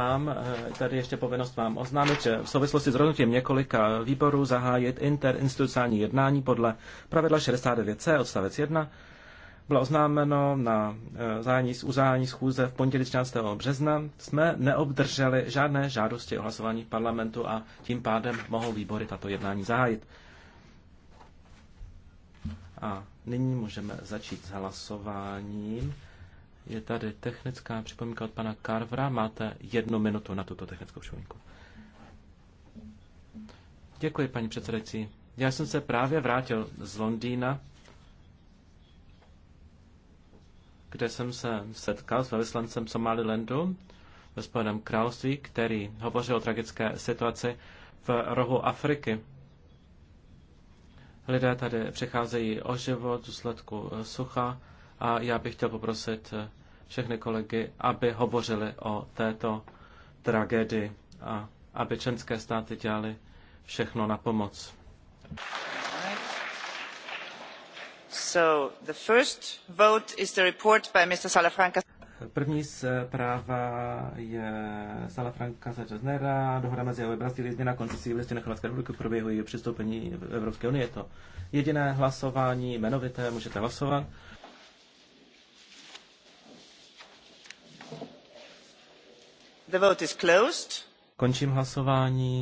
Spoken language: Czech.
Mám eh, tady ještě povinnost vám oznámit, že v souvislosti s rozhodnutím několika výborů zahájit interinstitucionální jednání podle pravidla 69c odstavec 1 bylo oznámeno na eh, zájení z uzání schůze v pondělí 13. března. Jsme neobdrželi žádné žádosti o hlasování v parlamentu a tím pádem mohou výbory tato jednání zahájit. A nyní můžeme začít s hlasováním. Je tady technická připomínka od pana Carvera. Máte jednu minutu na tuto technickou připomínku. Děkuji, paní předsedající. Já jsem se právě vrátil z Londýna, kde jsem se setkal s velislancem Somalilandu ve Spojeném království, který hovořil o tragické situaci v rohu Afriky. Lidé tady přicházejí o život v důsledku sucha a já bych chtěl poprosit všechny kolegy, aby hovořili o této tragédii a aby členské státy dělali všechno na pomoc. So the first vote is the report by Mr. Salafranca. První zpráva je Salafranca sanchez Česnera, dohoda mezi EU a Brazílií, změna koncesí v listě na Chorvatské republiky proběhu její přistoupení v Evropské unii. Je to jediné hlasování, jmenovité, můžete hlasovat. Končím hlasování.